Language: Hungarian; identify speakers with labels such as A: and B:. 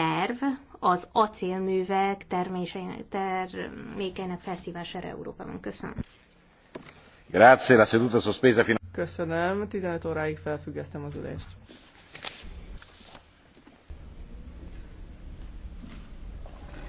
A: terv az acélművek termékeinek
B: felszívására Európában. Köszönöm.
C: Grazie, la seduta sospesa fino...
B: Köszönöm, 15 óráig felfüggesztem az ülést.